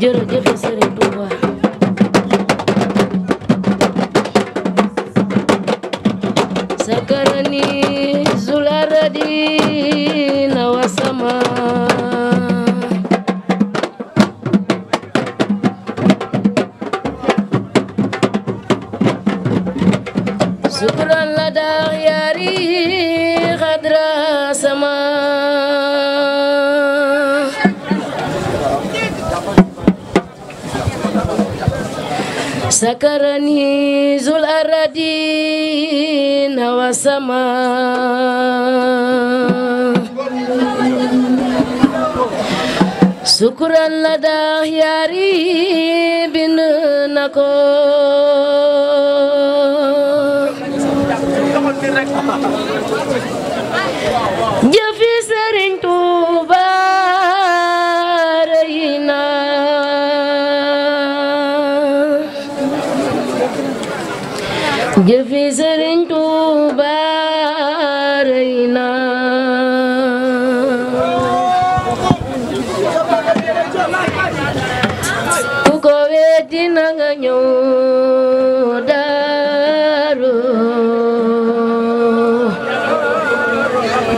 jërëjëf Serigne Touba سكرني ذو الأردين والسماء شكرا لدى ياري بننكو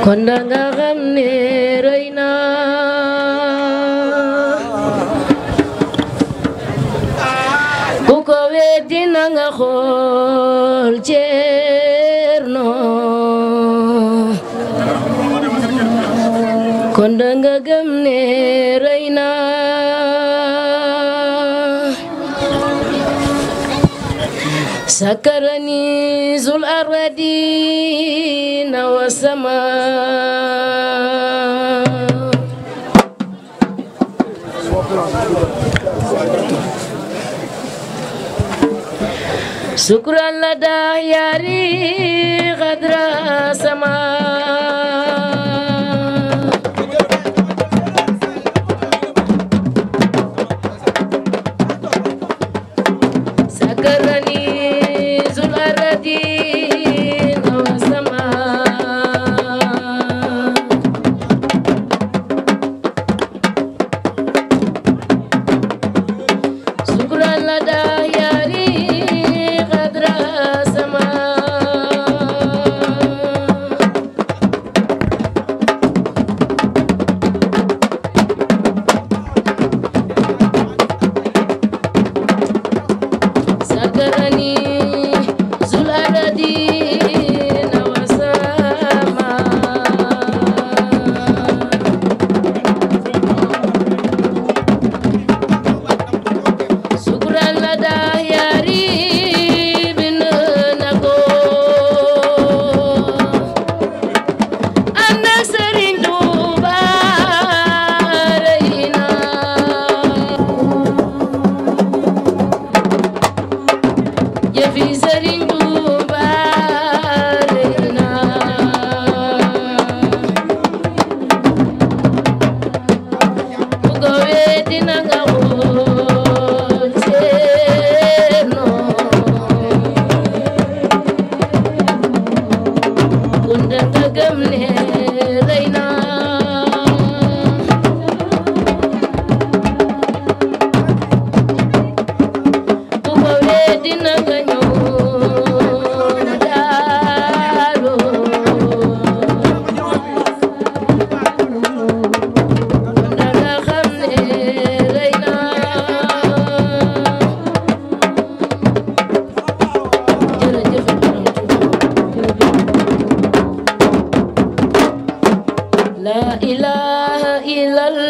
kon danga xam ne rëy na ku ko weddi na nga xool Ceerno kon gëm ne rëy na sakarani شكرا لدى يا ريغ سما لا إله إلا الله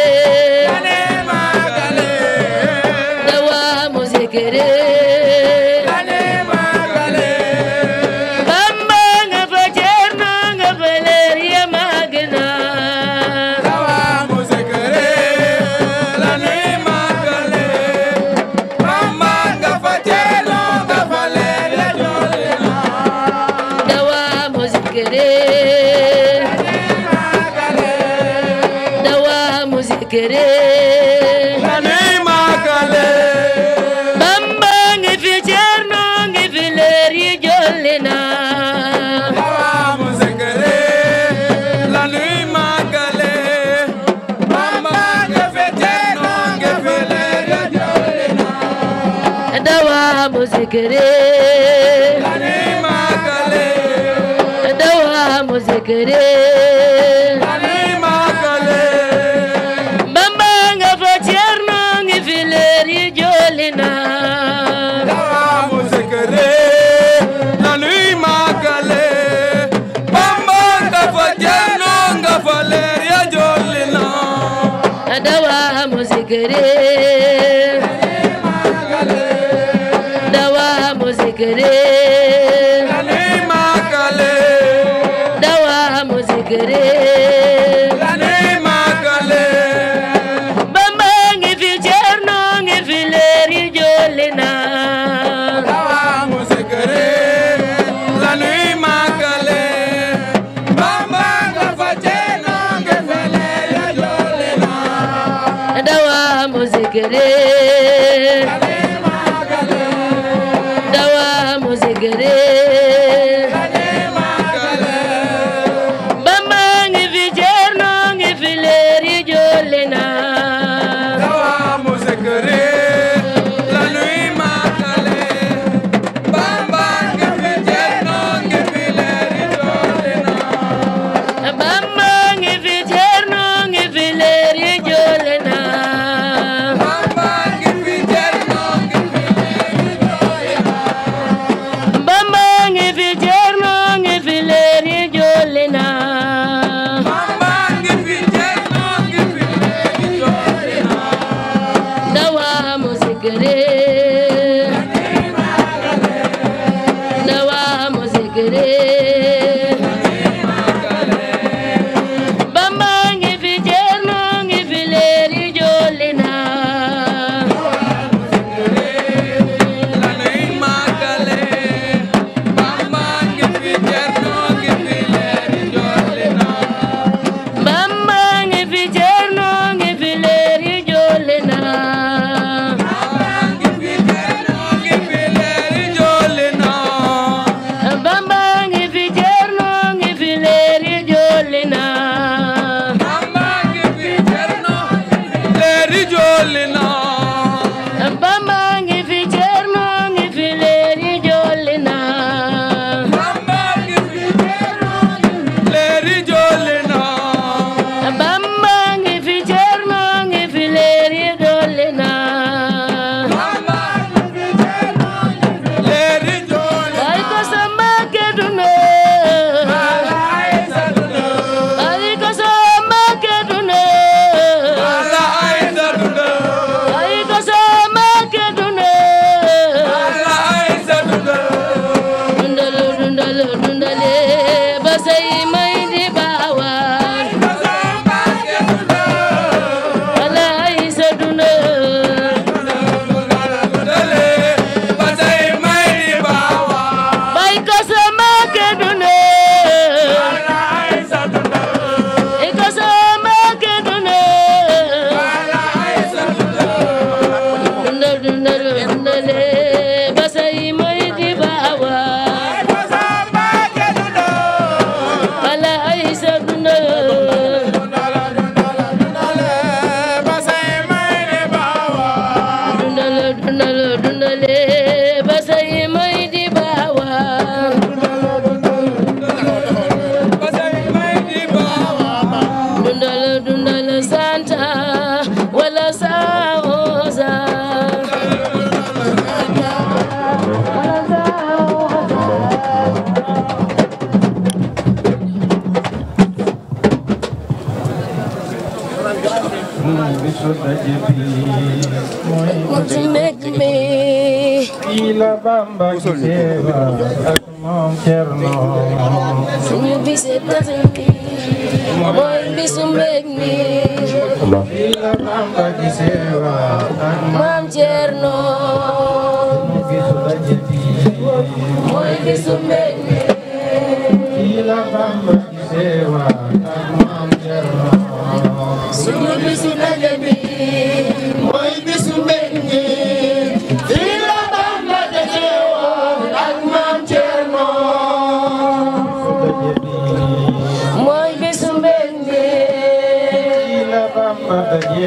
Aê! zikri kanima kale dawamu zikri kanima kale Bamba nga fa Cerno ngi fi leer yi jolli na dawamu zikri kanima kale Bamba nga fa Cerno nga fa leer ya jolli na dawamu zikri ذكري للي ما دوام ذكري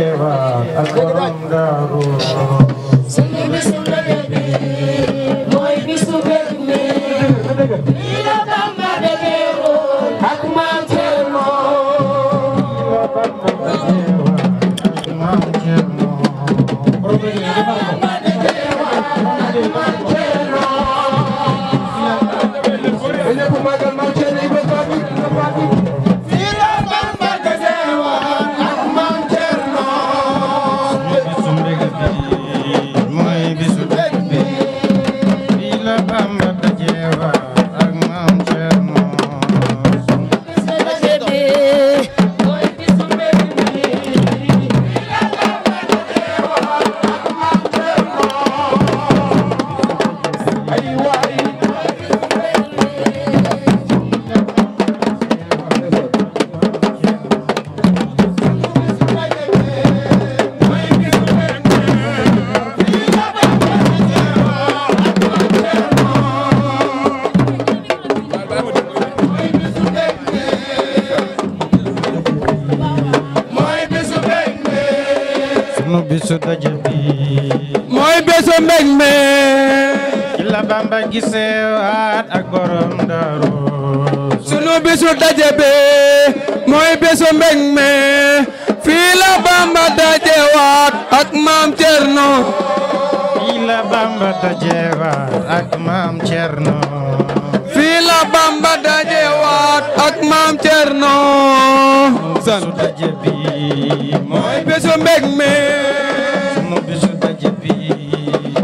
Андреева. От bamba gisewaat fii la bamba dajewaat ak maam cerno fii la bamba dajewaat ak ak maam cerno san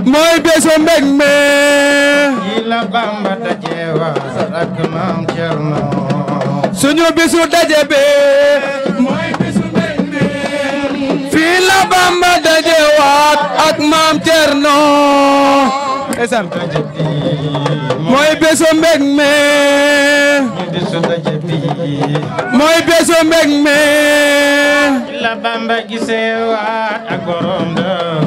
mooy bésu mbég me yi la Bamba dajewa ak maam Cerno suñu bésu daje bésu mbég fii la Bamba dajewaat ak maam Cerno esan mooy bésu mbég me mooy la Bamba gisewaat ak borom da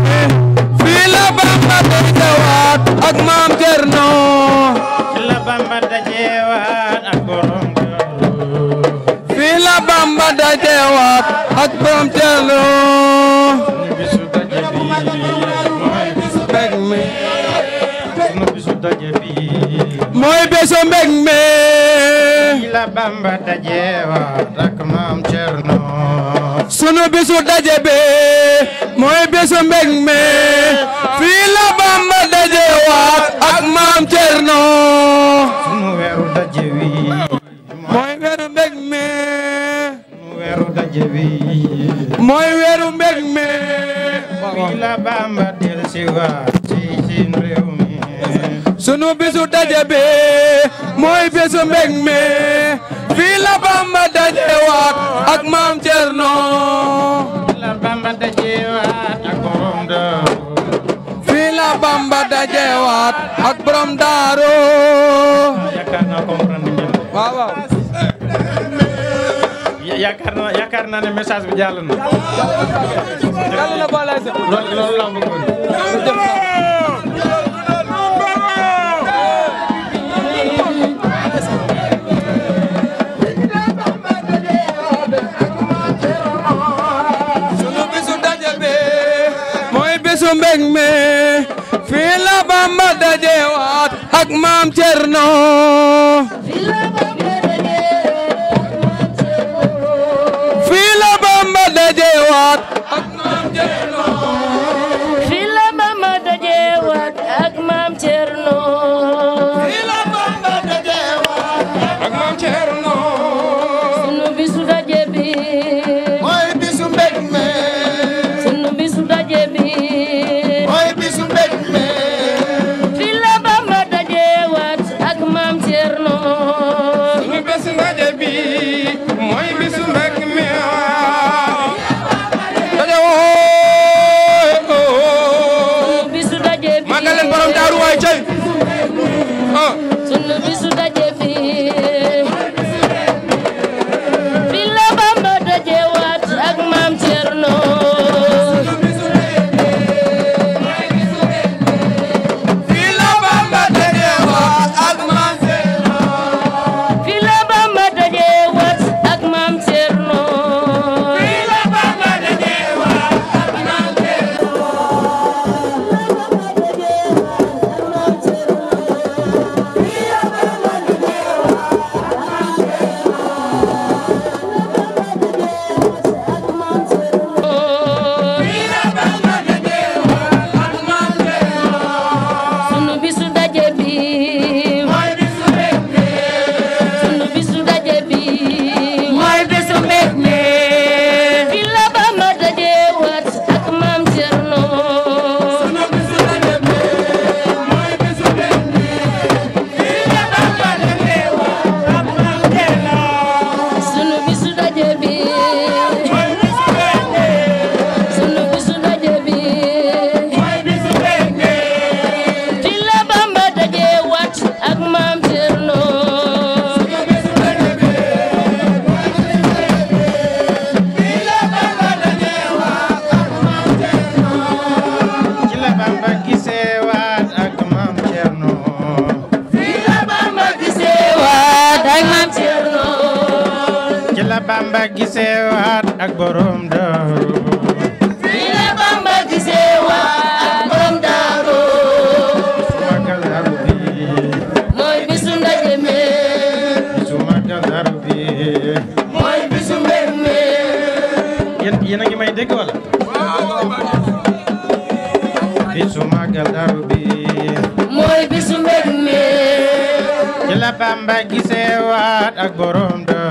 waat ak borom teelo mooy bésu mbég mi la bamba daje waat ak maam Cerno sunu bésu daje bi mooy bésu mbég mi fii la bamba daje waat ak maam Cerno mooy weeru mbég mi sunu bisu daje bi mooy bisu mbég mi fii la Bamba daje waat ak maam Cerno la Bamba daje waat ak daje waat ak borom daaru yaakaar naa yaakaar naa ne message bi jàll na. jàll na ko walaay sax. loolu loolu laa bëggoon. sunu bisu daje bi mooy bisu mbég mi fii la Bamba daje waat ak maam Thierno. dajeewaat ak maam màggal daru mooy bisu mbég mi ci la Bamba ak borom da